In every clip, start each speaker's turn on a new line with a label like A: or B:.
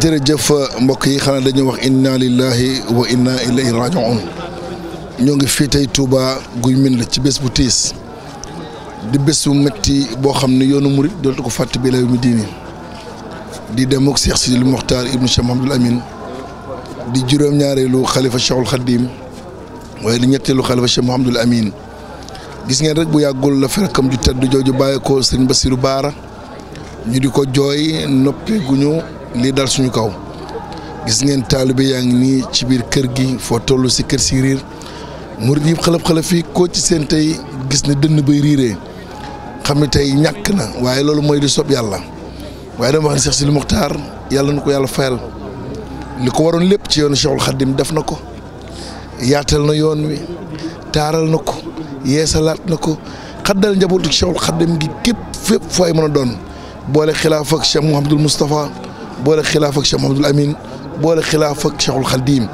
A: jërëjëf mbokk yi xanaa dañuy wax inna lillahi wa inna ilayhi rajiun ñoo ngi fii tey Touba guy min la ci bés bu tiis di bés bu métti boo xam ne yoonu murit dootu ko fàtte bi lay mi diini di dem ak Cheikh Sidil Mokhtar ibnu Cheikh Mahamadul Amin di juróom-ñaareelu xalifa Cheikhul Khadim waaye di ñetteelu Amin gis ngeen rek bu yàggul la ferakam ju tedd jooju bàyyeekoo sëñ Basiru Baara ñu di ko jooy noppi guñu lii dal suñu kaw gis ngeen taalibe yaa ngi nii ci biir kër gi foo toll si kër si riir murid yi xalab-xalab fii koo ci seen tey gis ne dënn bay riiree xam ne tey ñàkk na waaye loolu mooy di sob yàlla waaye dama wax ne Cheikh Sidi Mokhtar yàlla na ko yàlla fayal li ko waroon lépp ci yoonu Cheikhul Khadim def na ko yaatal na yoon wi taaral na ko yeesalaat na ko xaddal njabootu Cheikhul Khadim képp fépp fooy mën a doon boole xilaaf ak Cheikh Mouhamadoul Moustapha boole xilaaf ak Cheikh Mouhamadoul Amine boole xilaaf ak Cheikhul Khadim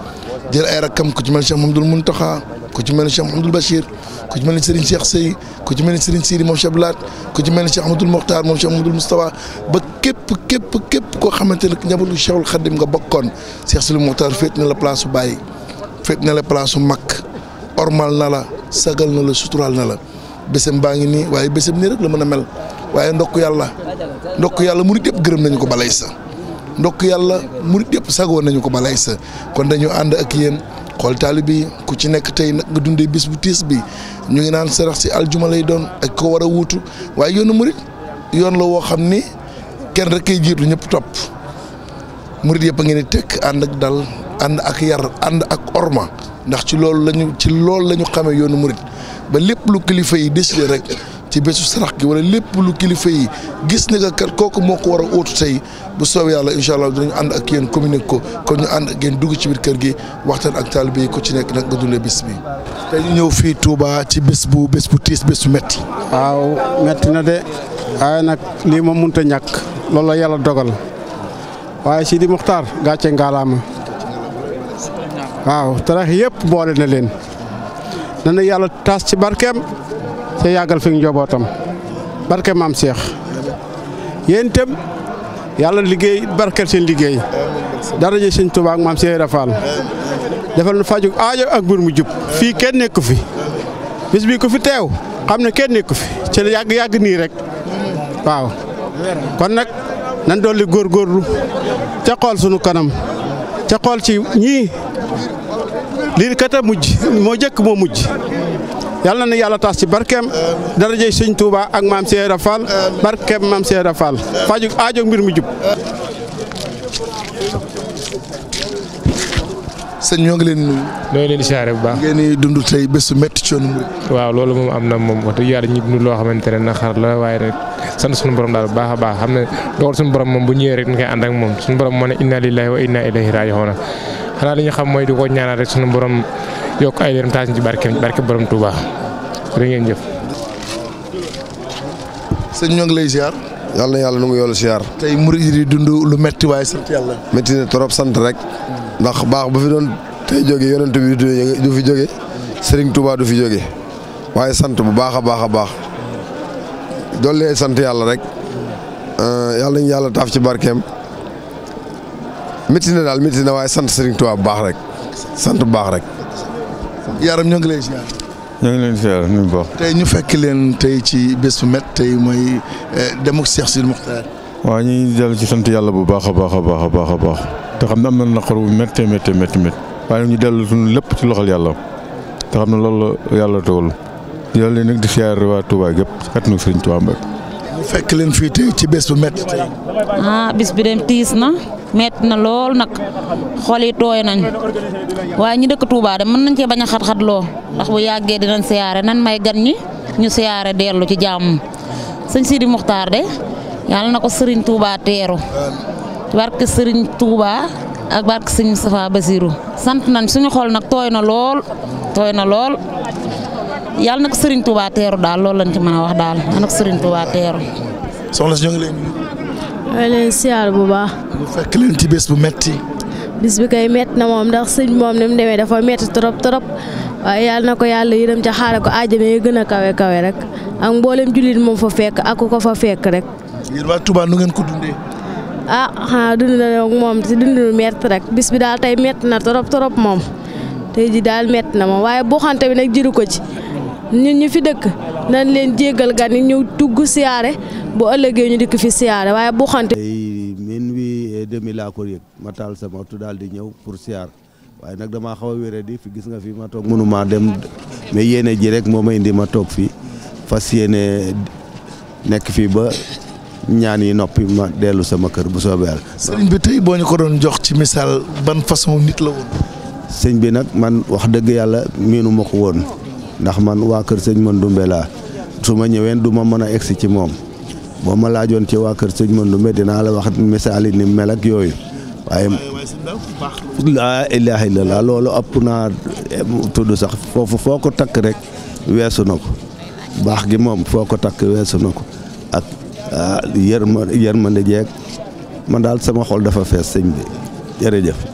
A: jël ay rakkam ku ci mel ni Cheikh Mouhamadoul Mountakha ku ci mel ni Cheikh Mouhamadoul Bachir ku ci mel ni Serigne Cheikh Seye ku ci mel ni Serigne Siri moom Cheikh Abdoulaye ku ci mel ni Cheikh Ahmadoul Mokhtar moom Cheikh Mouhamadoul Moustapha ba képp képp képp koo xamante ne njabootu Cheikhul Khadim nga bokkoon Cheikh Sulu Mokhtar féet na la place su bàyyi féet na la place su mag ormal na la sagal na la suturaal na la bésam baa ngi nii waaye bésam nii rek la mën a mel waaye ndokk yàlla ndokk yàlla murid yëpp gërëm nañu ko balay sa ndokk yàlla murit yëpp sagoo nañu ko balay sa kon dañu ànd ak yéen xool taali bi ku ci nekk tey nag nga dundee bis bu tiis bi ñu ngi naan sarax si aljuma lay doon ak ko war a wuutu waaye yoonu murit yoon la woo xam ni kenn rek kay jiitu ñëpp topp murit yëpp a ngi tekk ànd ak dal ànd ak yar ànd ak orma ndax ci loolu lañu ci loolu la ñu xamee yoonu murit ba lépp lu kilifa yi décidé rek ci bésu sarax gi wala lépp lu kilifa yi gis ne kër kooku moo ko war a ootu tey bu soobee yàlla incha allah dinañ ànd ak yéen communiqué ko kon ñu ànd ak yéen dugg ci biir kër gi waxtaan ak taalibe yi ku ci nekk nag nga dundee bis bi. tey ñëw fii Touba
B: ci bés bu bés bu tiis bés bu metti waaw métti na de waaye nag lii moom mënut a ñàkk loolu la yàlla dogal waaye Sidi Muxtaar gàcce ngaalaama waaw tarax yëpp boole na leen dana yàlla taas ci barkeem. te yàggal fi njobootam barke maam Cheikh yéen yàlla liggéey barkeel seen liggéey daraje sëñ tubaak ak maam Cheikh Rafal defal nu fajug aajo ak bur mu jub fii kenn nekku fi bis bi ku fi teew xam ne kenn nekku fi ci yàgg yàgg nii rek waaw kon nag nan dolli góorgóorlu ca xool sunu kanam ca xool ci ñii lii kat a mujj moo jëkk moo mujj yàlla na yàlla taas ci barkeem darajey sëñ Touba ak maam Seera Fall barkeem maam Seera Fall fajug aajo mbir mu jub. sëñ ñoo ngi leen di leen di siyaare bu dund tey bés su métti ci waaw loolu moom am na moom wax dëgg yàlla ñu dund loo xamante ne xar la waaye nag sant suñu borom daal bu baax a baax xam ne dogal suñu borom moom bu ñëwee rek ñu koy moom suñu borom moo ne inna lillahi wa inna ilayhi raaji'uun xanaa li xam mooy di ko ñaanal rek suñu borom. yokk ay leeram taas ñu ci barke barke borom Touba lay ziar. yàlla
A: na yàlla nu ngi yoolu tey murid di dund lu metti waaye sant yàlla métti na trop sant rek ndax baax bu fi doon tey jóge yonent bi du fi jóge Serigne tubaa du fi jóge waaye sant bu baax a baax a baax doollee sant yàlla rek euh, yàlla nañu yàlla taaf ci barkeem métti na daal métti na waaye sant
B: Serigne Touba bu baax rek sant bu baax rek
A: yaram ñoo ngi lay ziar.
B: ñoo ngi leen di ziar ñu baax.
A: ñu fekk leen tey ci bés bu met tey mooy eh, dem ak Cheikh si
B: Mokhtar. waaw ñu ngi dellu ci sant yàlla bu baax a baax baax a baax a baax te xam ne am na naqar bu méttee méttee métti métti waaye ñu dellu suñu lépp ci loxol yàlla te xam ne loolu la yàlla dogal yàlla nag di ziar waa Touba gépp xet na Sëriñ Touba Mbacke
A: fekk leen fii ci bés bu métti tey.
B: ah bis bi dem tiis na métti na lool nag xol tooy nañ waaye ñu dëkk Touba de mën nañ cee bañ a xat-xat loo ndax bu yàggee di nañ siyaare nañ may gan ñi ñu siyaare dellu ci jaamu sëñ Sidi Muxtaar de yàlla na ko Serigne Touba teeru barke Serigne Touba ak barke Serigne Safa Basiru sant nañ suñu xol nag tooy na lool tooy na lool. yàlla na ko Serigne Touba daal loolu lañ ci wax daal yàlla na ko Serigne Touba teeru. soxna si ñoo siyaar bu baax.
A: bu fekk leen ci bés bu metti
B: bis bi kay metti na moom ndax sëñ moom ni dafa métti trop trop waaye yàlla na ko yàlla yërëm ca xaare ko àjjana yi gën a kawe kawe rek ak mboolem jullit moom fa fekk ak ko fa fekk rek.
A: yéen ko dundee.
B: ah xanaa dund na moom si dund lu rek bis bi daal te metti na trop trop moom tey ji daal metti na moom waaye buuxante bi nag jiru ko ci ñun ñu fi dëkk nañ leen jéegal gan yi ñëw tugg siyaare bu ëllëgee ñu dikk fi
C: siyaare waaye bu xante min wi demi laa ko yëg ma taal sama oto daal di ñëw pour siyaar waaye nag damaa xaw a wéré di fi gis nga fi ma toog mënumaa dem mais yéene ji rek moo ma indi ma toog fii fas yéene nekk fii ba ñaan yi noppi ma dellu sama kër bu soobee yàlla.
A: sëriñ bi tey boo ñu ko doon jox ci misaal ban façon
C: nit la woon. sëñ bi nag man wax dëgg yàlla miinu ma ko woon. ndax man waa kër sëñ Mandoumbe laa su ma ñëwee du ma mën a egsi ci moom boo ma laajoon ci waa kër sëñ Mandoumbe dinaa la wax misaali ni mel ak yooyu waaye laa ilaaha illallaah loolu ëpp naa tudd sax foofu foo ko takk rek weesu na ko baax gi moom foo ko takk weesu na ko ak ah, yërma yërmande jeeg man daal sama xol dafa fees sëñ bi jërëjëf